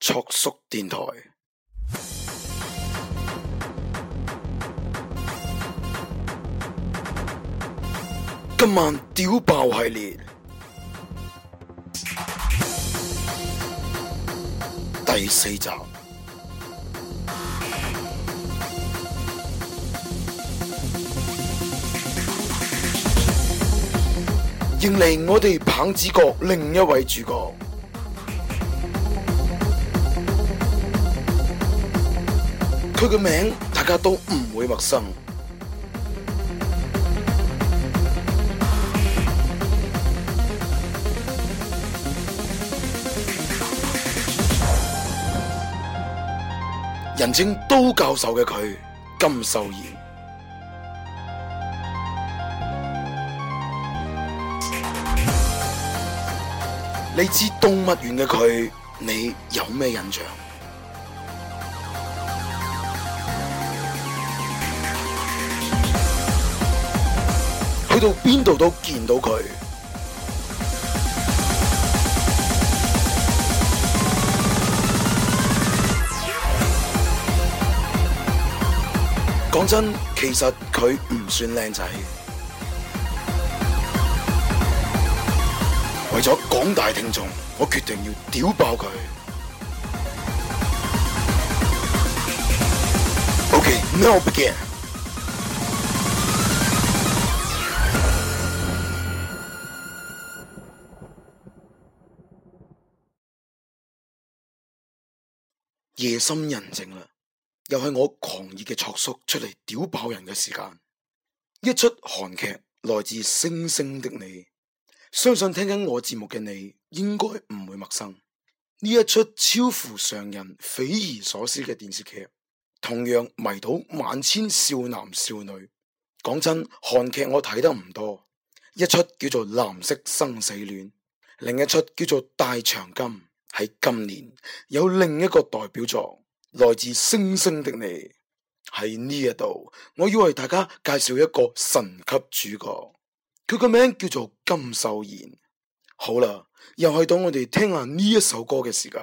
卓叔電台，今晚屌爆系列第四集，迎嚟我哋棒子國另一位主角。佢嘅名字大家都唔會陌生，人稱都教授嘅佢，金秀賢，你知動物園嘅佢，你有咩印象？去到邊度都見到佢。講真，其實佢唔算靚仔。為咗廣大聽眾，我決定要屌爆佢。OK，now begin。夜深人靜啦，又係我狂熱嘅卓叔出嚟屌爆人嘅時間。一出韓劇來自《星星的你》，相信聽緊我節目嘅你應該唔會陌生。呢一出超乎常人、匪夷所思嘅電視劇，同樣迷倒萬千少男少女。講真，韓劇我睇得唔多，一出叫做《藍色生死戀》，另一出叫做《大長今》。喺今年有另一個代表作，來自《星星的你》。喺呢一度，我要為大家介紹一個神級主角，佢個名叫做金秀賢。好啦，又去到我哋聽下呢一首歌嘅時間。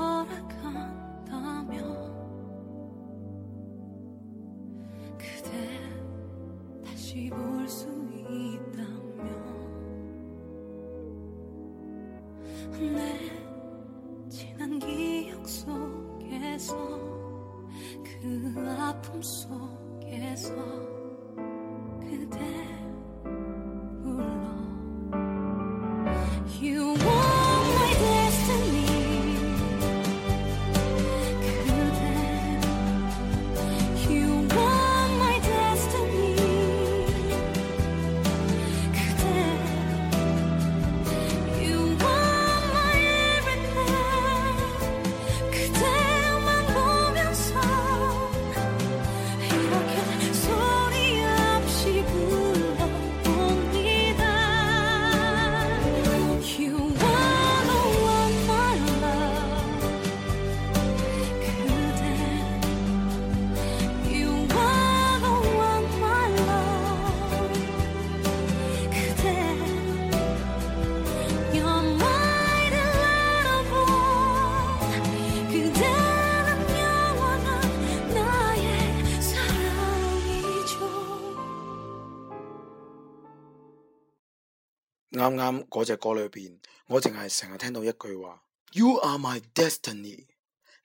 啱啱嗰隻歌裏邊，我淨係成日聽到一句話：You are my destiny，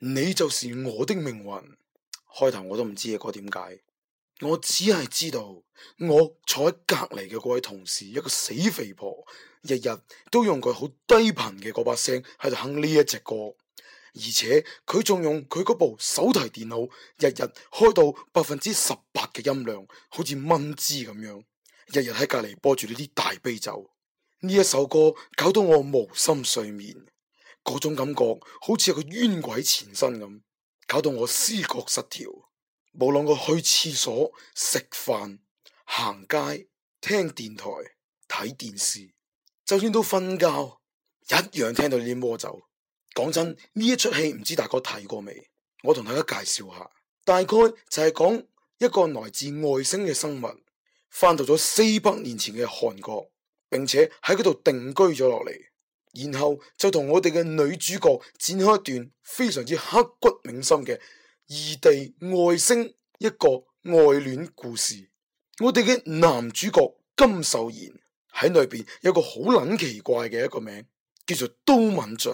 你就是我的命運。開頭我都唔知嘅歌點解，我只係知道我坐喺隔籬嘅嗰位同事一個死肥婆，日日都用佢好低頻嘅嗰把聲喺度哼呢一隻歌，而且佢仲用佢嗰部手提電腦日日開到百分之十八嘅音量，好似蚊滋咁樣，日日喺隔籬播住呢啲大悲咒。呢一首歌搞到我無心睡眠，嗰種感覺好似個冤鬼纏身咁，搞到我思覺失調，無論我去廁所、食飯、行街、聽電台、睇電視，就算都瞓覺，一樣聽到呢啲魔咒。講真，呢一出戲唔知大哥睇過未？我同大家介紹下，大概就係講一個來自外星嘅生物，翻到咗四百年前嘅韓國。並且喺嗰度定居咗落嚟，然後就同我哋嘅女主角展開一段非常之刻骨銘心嘅異地外星一個愛戀故事。我哋嘅男主角金秀賢喺內邊有個好撚奇怪嘅一個名，叫做都敏俊。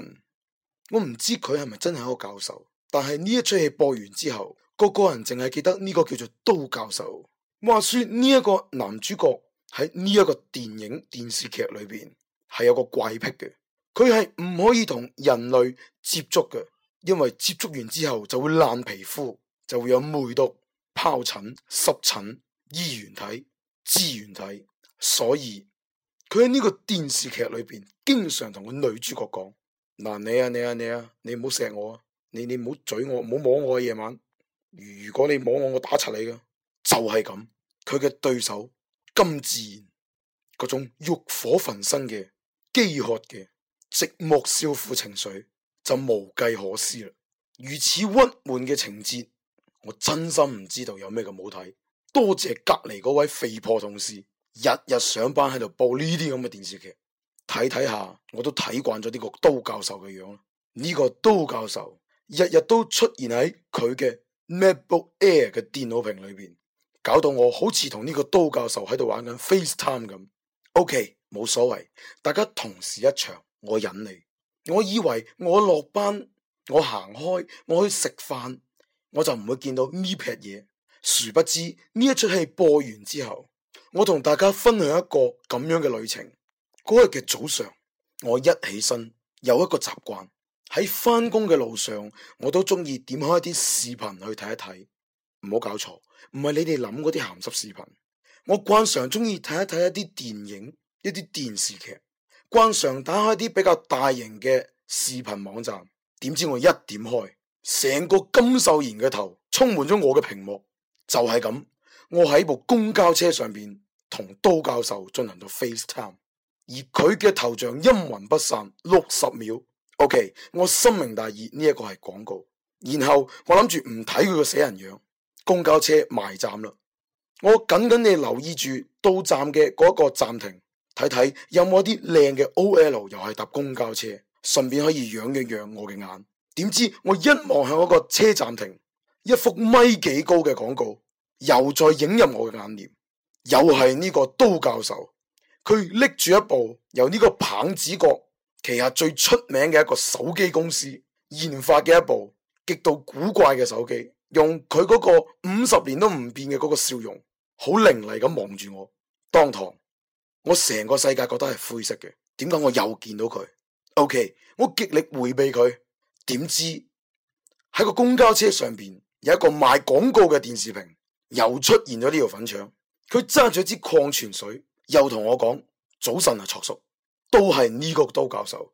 我唔知佢係咪真係一個教授，但係呢一出戲播完之後，個個人淨係記得呢個叫做都教授。話說呢一個男主角。喺呢一個電影電視劇裏邊，係有個怪癖嘅，佢係唔可以同人類接觸嘅，因為接觸完之後就會爛皮膚，就會有梅毒、皰疹、濕疹、衣原體、支原體，所以佢喺呢個電視劇裏邊，經常同個女主角講：嗱，你啊，你啊，你啊，你唔好錫我啊，你你唔好嘴我，唔好摸我嘅夜晚。如果你摸我，我打柒你噶，就係咁。佢嘅對手。咁自然，嗰種欲火焚身嘅飢渴嘅寂寞消、消苦情緒就無計可施啦。如此鬱悶嘅情節，我真心唔知道有咩咁好睇？多謝隔籬嗰位肥婆同事，日日上班喺度播呢啲咁嘅電視劇，睇睇下我都睇慣咗呢個都教授嘅樣。呢、這個都教授日日都出現喺佢嘅 MacBook Air 嘅電腦屏裏邊。搞到我好似同呢個刀教授喺度玩緊 FaceTime 咁。O.K. 冇所謂，大家同時一場，我忍你。我以為我落班、我行開、我去食飯，我就唔會見到呢撇嘢。殊不知呢一出戲播完之後，我同大家分享一個咁樣嘅旅程。嗰日嘅早上，我一起身有一個習慣，喺返工嘅路上，我都中意點開啲視頻去睇一睇。唔好搞錯，唔係你哋諗嗰啲鹹濕視頻。我慣常中意睇一睇一啲電影、一啲電視劇，慣常打開啲比較大型嘅視頻網站。點知我一點開，成個金秀賢嘅頭充滿咗我嘅屏幕，就係咁。我喺部公交車上邊同都教授進行到 FaceTime，而佢嘅頭像陰魂不散六十秒。OK，我心明大義，呢一個係廣告。然後我諗住唔睇佢個死人樣。公交車埋站啦，我緊緊地留意住到站嘅嗰個站停，睇睇有冇啲靚嘅 OL 又係搭公交車，順便可以養一養我嘅眼。點知我一望向嗰個車站停，一幅米幾高嘅廣告又再映入我嘅眼簾，又係呢個都教授，佢拎住一部由呢個棒子國旗下最出名嘅一個手機公司研發嘅一部極度古怪嘅手機。用佢嗰個五十年都唔變嘅嗰個笑容，好凌厲咁望住我。當堂我成個世界覺得係灰色嘅。點解我又見到佢？OK，我極力回避佢。點知喺個公交車上邊有一個賣廣告嘅電視屏，又出現咗呢條粉腸。佢揸住一支礦泉水，又同我講早晨啊，卓叔，都係呢個杜教授。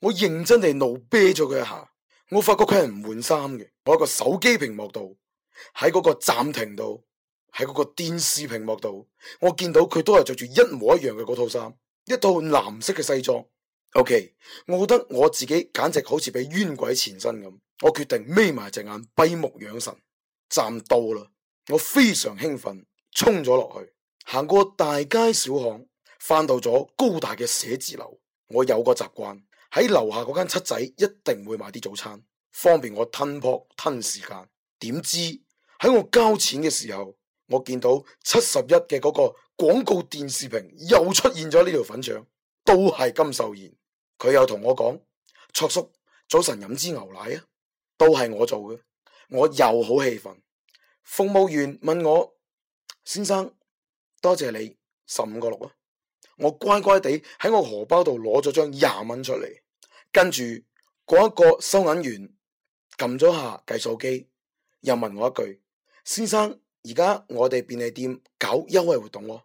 我認真地怒啤咗佢一下。我發覺佢係唔換衫嘅，我喺一個手機屏幕度，喺嗰個暫停度，喺嗰個電視屏幕度，我見到佢都係着住一模一樣嘅嗰套衫，一套藍色嘅西裝。OK，我覺得我自己簡直好似俾冤鬼纏身咁。我決定眯埋隻眼，閉目養神。站到啦，我非常興奮，衝咗落去，行過大街小巷，返到咗高大嘅寫字樓。我有個習慣。喺樓下嗰間七仔，一定會買啲早餐，方便我吞撲吞時間。點知喺我交錢嘅時候，我見到七十一嘅嗰個廣告電視屏又出現咗呢條粉腸，都係金秀賢。佢又同我講：卓叔，早晨飲支牛奶啊！都係我做嘅，我又好氣憤。服務員問我：先生，多謝你十五個六啊！我乖乖地喺我荷包度攞咗張廿蚊出嚟。跟住嗰一個收銀員撳咗下計數機，又問我一句：先生，而家我哋便利店搞優惠活動，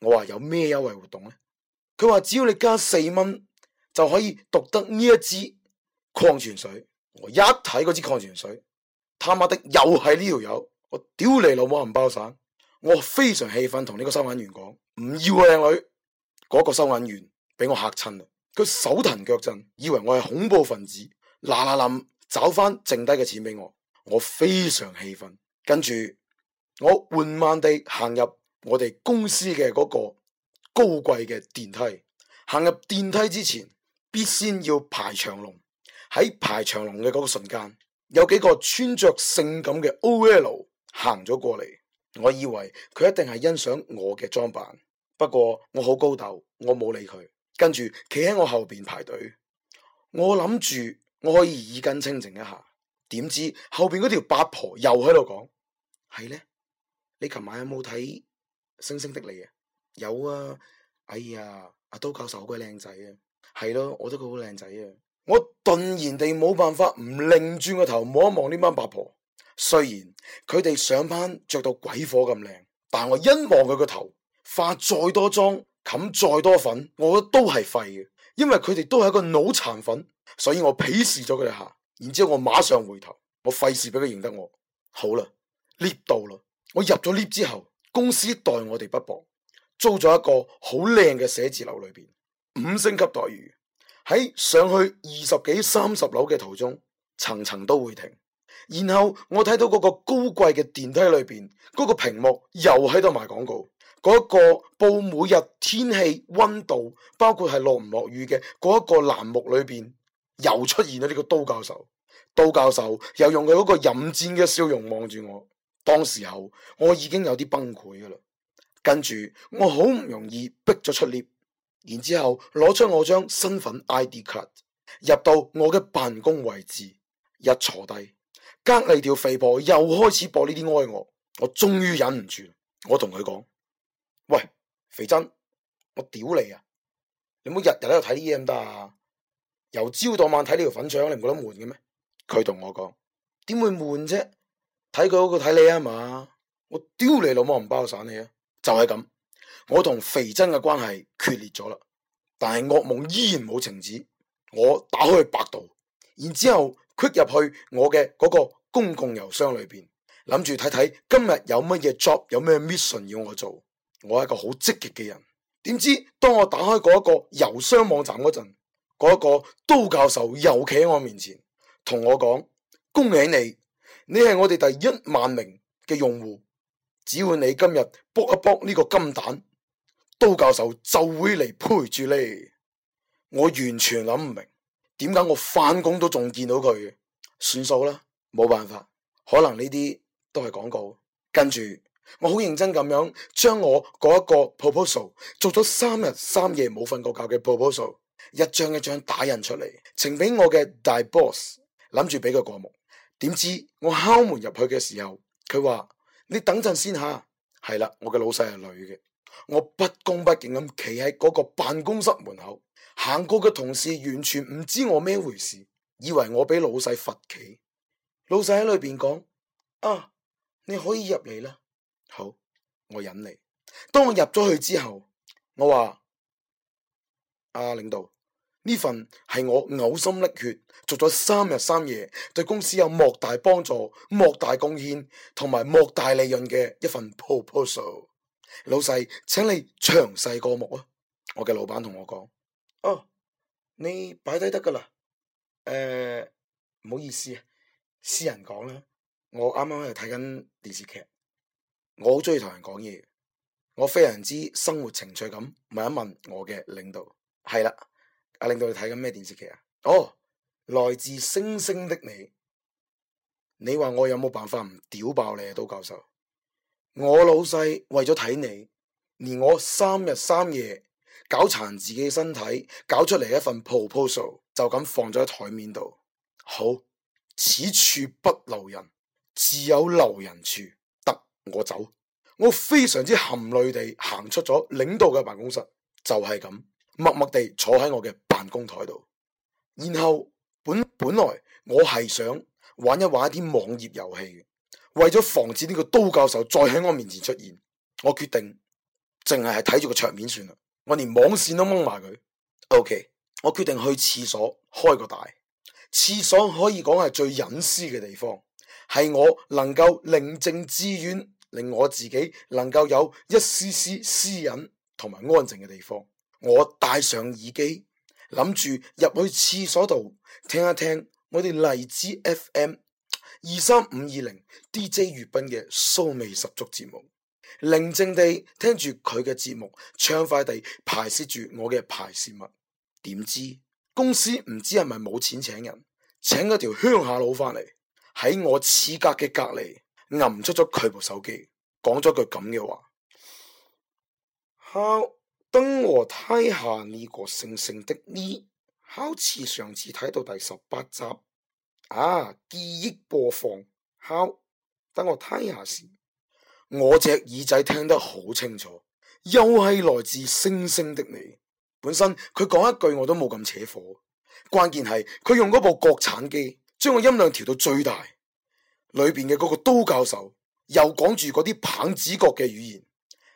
我話有咩優惠活動呢？佢話只要你加四蚊就可以獨得呢一支礦泉水。我一睇嗰支礦泉水，他媽的又係呢條友，我屌你老母冚包散！我非常氣憤，同呢個收銀員講唔要啊，靚女！嗰個收銀員俾我嚇親。佢手騰腳震，以為我係恐怖分子，嗱嗱臨找翻剩低嘅錢俾我，我非常氣憤。跟住我緩慢地行入我哋公司嘅嗰個高貴嘅電梯。行入電梯之前，必先要排長龍。喺排長龍嘅嗰個瞬間，有幾個穿着性感嘅 OL 行咗過嚟，我以為佢一定係欣賞我嘅裝扮。不過我好高竇，我冇理佢。跟住企喺我後邊排隊，我諗住我可以耳根清淨一下。點知後邊嗰條八婆又喺度講，係、嗯、呢？你琴晚有冇睇《星星的你》啊？有啊！哎呀，阿、啊、都教授好鬼靚仔啊！係咯，我都覺佢好靚仔啊！我，我突然地冇辦法唔擰轉個頭望一望呢班八婆。雖然佢哋上班着到鬼火咁靚，但我一望佢個頭，化再多妝。冚再多粉，我覺得都係廢嘅，因為佢哋都係一個腦殘粉，所以我鄙視咗佢哋下，然之後我馬上回頭，我費事俾佢認得我。好啦，lift 到啦，我入咗 lift 之後，公司待我哋不薄，租咗一個好靚嘅寫字樓裏邊，五星級待遇，喺上去二十幾三十樓嘅途中，層層都會停，然後我睇到嗰個高貴嘅電梯裏邊嗰個屏幕又喺度賣廣告。嗰一個報每日天氣溫度，包括係落唔落雨嘅嗰一個欄目裏邊，又出現咗呢個刀教授。刀教授又用佢嗰個淫賤嘅笑容望住我，當時候我已經有啲崩潰噶啦。跟住我好唔容易逼咗出嚟，然之後攞出我張身份 ID 卡，入到我嘅辦公位置一坐低，隔離條肥婆又開始播呢啲哀樂，我終於忍唔住，我同佢講。喂，肥珍，我屌你啊！你冇日日喺度睇啲嘢唔得啊！由朝到晚睇呢條粉腸，你唔覺得悶嘅咩？佢同我講，點會悶啫？睇佢嗰個睇你啊嘛！我屌你老母唔包散你啊！就係咁，我同、啊、肥珍嘅關係決裂咗啦。但係惡夢依然冇停止。我打開百度，然之後入去我嘅嗰個公共郵箱裏邊，諗住睇睇今日有乜嘢 job，有咩 mission 要我做。我係一個好積極嘅人，點知當我打開嗰一個郵箱網站嗰陣，嗰一個刀教授又企喺我面前，同我講：恭喜你，你係我哋第一萬名嘅用戶，只要你今日卜一卜呢個金蛋，都教授就會嚟，陪住你。我完全諗唔明，點解我返工都仲見到佢，算數啦，冇辦法，可能呢啲都係廣告。跟住。我好認真咁樣將我嗰一個 proposal 做咗三日三夜冇瞓過覺嘅 proposal 一張一張打印出嚟，呈俾我嘅大 boss 諗住俾佢過目。點知我敲門入去嘅時候，佢話：你等陣先下。係啦，我嘅老細係女嘅。我不恭不敬咁企喺嗰個辦公室門口，行過嘅同事完全唔知我咩回事，以為我俾老細罰企。老細喺裏邊講：啊，你可以入嚟啦。好，我忍你。當我入咗去之後，我話：啊，領導，呢份係我嘔心瀝血做咗三日三夜，對公司有莫大幫助、莫大貢獻同埋莫大利潤嘅一份 proposal。老細，請你詳細過目啊！我嘅老闆同我講：哦，你擺低得噶啦。誒、呃，唔好意思，私人講啦。我啱啱喺度睇緊電視劇。我好鍾意同人講嘢，我非常之生活情趣咁問一問我嘅領導，係啦，阿領導，你睇緊咩電視劇啊？哦，oh，來自星星的你，你話我有冇辦法唔屌爆你啊，都教授？我老細為咗睇你，連我三日三夜搞殘自己身體，搞出嚟一份 proposal，就咁放咗喺台面度。好，此處不留人，自有留人處。我走，我非常之含淚地行出咗領導嘅辦公室，就係、是、咁默默地坐喺我嘅辦公台度。然後本本來我係想玩一玩一啲網頁遊戲嘅，為咗防止呢個刀教授再喺我面前出現，我決定淨係係睇住個場面算啦。我連網線都掹埋佢。O.K.，我決定去廁所開個大。廁所可以講係最隱私嘅地方，係我能夠寧靜致遠。令我自己能夠有一絲絲私隱同埋安靜嘅地方，我戴上耳機，諗住入去廁所度聽一聽我哋荔枝 F.M. 二三五二零 D.J. 粵斌嘅騷味十足節目，寧靜地聽住佢嘅節目，暢快地排泄住我嘅排泄物。點知公司唔知係咪冇錢請人，請咗條鄉下佬翻嚟，喺我廁格嘅隔籬。揞出咗佢部手機，講咗句咁嘅話：敲，等我睇下呢個星星的你。敲，似上次睇到第十八集，啊，記憶播放。敲，等我睇下先。我隻耳仔聽得好清楚，又係來自星星的你。本身佢講一句我都冇咁扯火，關鍵係佢用嗰部國產機，將個音量調到最大。裏邊嘅嗰個都教授又講住嗰啲棒子國嘅語言，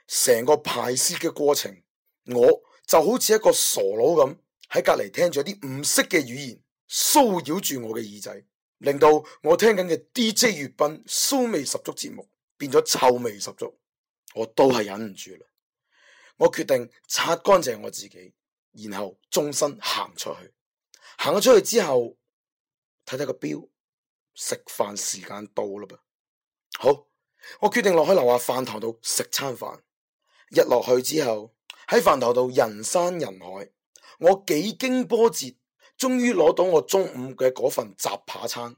成個排泄嘅過程，我就好似一個傻佬咁喺隔籬聽住啲唔識嘅語言騷擾住我嘅耳仔，令到我聽緊嘅 DJ 粵品騷味十足節目變咗臭味十足，我都係忍唔住啦！我決定擦乾淨我自己，然後縱身行出去。行咗出去之後，睇睇個表。食飯時間到啦噃，好，我決定落去樓下飯堂度食餐飯。一落去之後，喺飯堂度人山人海，我幾經波折，終於攞到我中午嘅嗰份雜扒餐。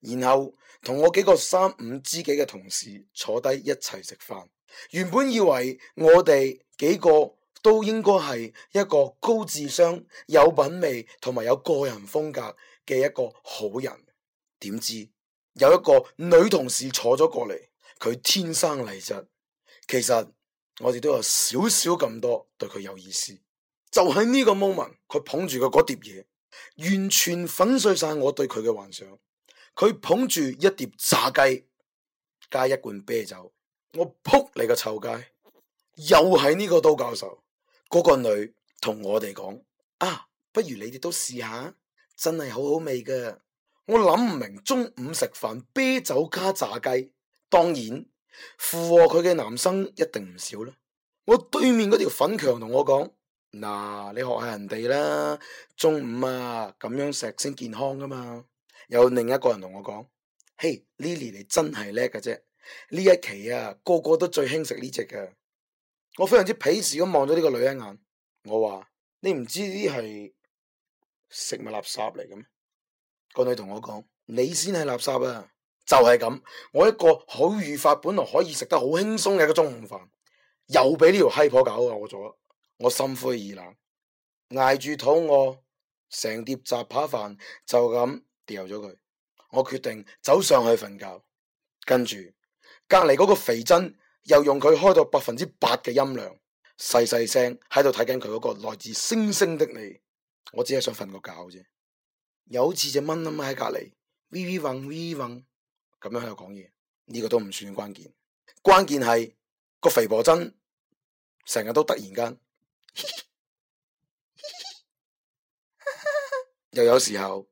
然後同我幾個三五知己嘅同事坐低一齊食飯。原本以為我哋幾個都應該係一個高智商、有品味同埋有個人風格嘅一個好人。點知有一個女同事坐咗過嚟，佢天生麗質，其實我哋都有少少咁多對佢有意思。就喺呢個 moment，佢捧住嘅嗰碟嘢，完全粉碎晒我對佢嘅幻想。佢捧住一碟炸雞加一罐啤酒，我扑你個臭街！又係呢個刀教授，嗰個女同我哋講：啊，不如你哋都試下，真係好好味㗎。我諗唔明中午食飯，啤酒加炸雞，當然附和佢嘅男生一定唔少啦。我對面嗰條粉強同我講：嗱、啊，你學下人哋啦，中午啊咁樣食先健康噶嘛。有另一個人同我講：嘿、hey，Lily 你真係叻㗎啫。呢一期啊，個個都最興食呢隻㗎。我非常之鄙視咁望咗呢個女人一眼，我話你唔知呢啲係食物垃圾嚟嘅咩？個女同我講：你先係垃圾啊！就係咁，我一個好愉快本來可以食得好輕鬆嘅一個中午飯，又俾呢條閪婆搞餓咗，我心灰意冷，挨住肚餓，成碟雜扒飯就咁掉咗佢。我決定走上去瞓覺，跟住隔籬嗰個肥真又用佢開到百分之八嘅音量，細細聲喺度睇緊佢嗰個來自星星的你。我只係想瞓個覺啫。有似隻蚊咁喺隔籬，v v r v v 咁樣喺度講嘢，呢個都唔算關鍵，關鍵係個肥婆真成日都突然間， 又有時候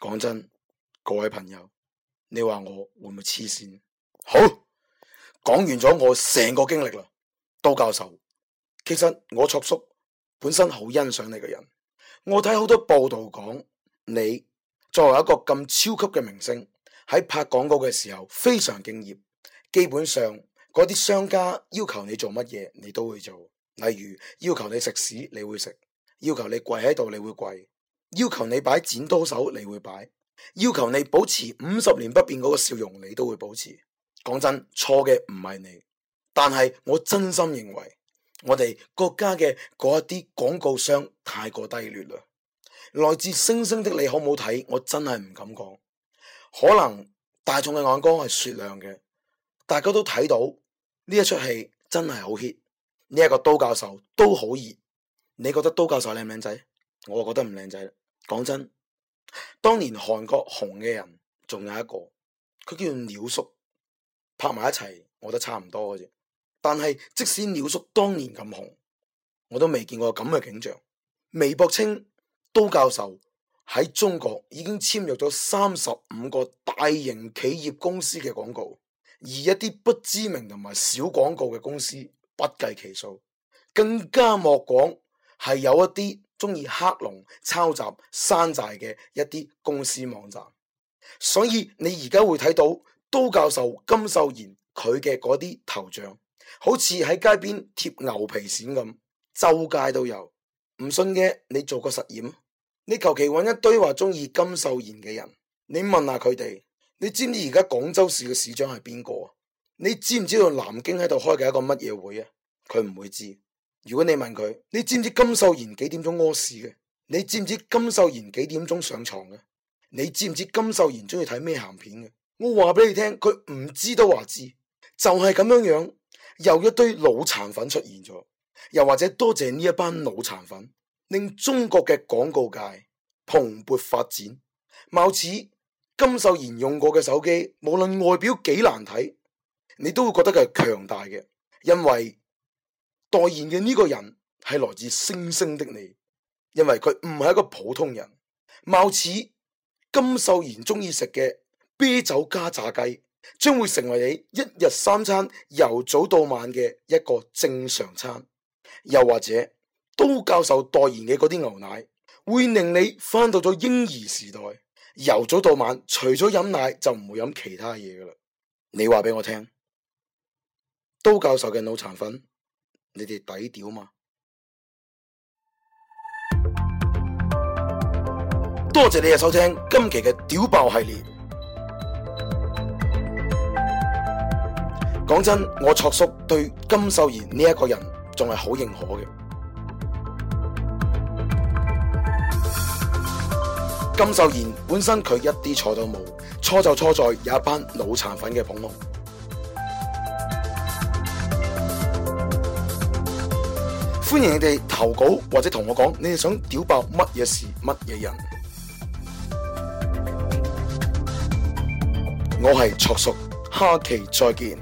講 真，各位朋友，你話我會唔會黐線？好，講完咗我成個經歷啦，都教授。其實我卓叔本身好欣賞你嘅人。我睇好多報道講，你作為一個咁超級嘅明星，喺拍廣告嘅時候非常敬業。基本上嗰啲商家要求你做乜嘢，你都會做。例如要求你食屎，你會食；要求你跪喺度，你會跪；要求你擺剪刀手，你會擺；要求你保持五十年不變嗰個笑容，你都會保持。講真，錯嘅唔係你，但係我真心認為。我哋國家嘅嗰一啲廣告商太過低劣啦！來自星星的你好唔好睇？我真係唔敢講，可能大眾嘅眼光係雪亮嘅，大家都睇到呢一齣戲真係好 hit，呢一個都教授都好熱。你覺得都教授靚唔靚仔？我啊覺得唔靚仔。講真，當年韓國紅嘅人仲有一個，佢叫鳥叔，拍埋一齊，我覺得差唔多嘅啫。但係，即使鳥叔當年咁紅，我都未見過咁嘅景象。微博稱，都教授喺中國已經簽約咗三十五個大型企業公司嘅廣告，而一啲不知名同埋小廣告嘅公司不計其數。更加莫講係有一啲中意克隆、抄襲、山寨嘅一啲公司網站。所以你而家會睇到都教授、金秀賢佢嘅嗰啲頭像。好似喺街邊貼牛皮癬咁，周街都有。唔信嘅，你做個實驗。你求其揾一堆話中意金秀賢嘅人，你問下佢哋，你知唔知而家廣州市嘅市長係邊個？你知唔知道南京喺度開嘅一個乜嘢會啊？佢唔會知。如果你問佢，你知唔知金秀賢幾點鐘屙屎嘅？你知唔知金秀賢幾點鐘上床嘅？你知唔知金秀賢中意睇咩鹹片嘅？我話俾你聽，佢唔知都話知，就係咁樣樣。又一堆腦殘粉出現咗，又或者多謝呢一班腦殘粉，令中國嘅廣告界蓬勃發展。貌似金秀賢用過嘅手機，無論外表幾難睇，你都會覺得佢係強大嘅，因為代言嘅呢個人係來自《星星的你》，因為佢唔係一個普通人。貌似金秀賢中意食嘅啤酒加炸雞。將會成為你一日三餐由早到晚嘅一個正常餐，又或者都教授代言嘅嗰啲牛奶，會令你返到咗嬰兒時代，由早到晚除咗飲奶就唔會飲其他嘢㗎喇。你話俾我聽，都教授嘅腦殘粉，你哋抵屌嘛？多謝你嘅收聽，今期嘅屌爆系列。講真，我卓叔對金秀賢呢一個人仲係好認可嘅。金秀賢本身佢一啲錯都冇，錯就錯在有一班腦殘粉嘅捧紅。歡迎你哋投稿或者同我講，你哋想屌爆乜嘢事乜嘢人。我係卓叔，下期再見。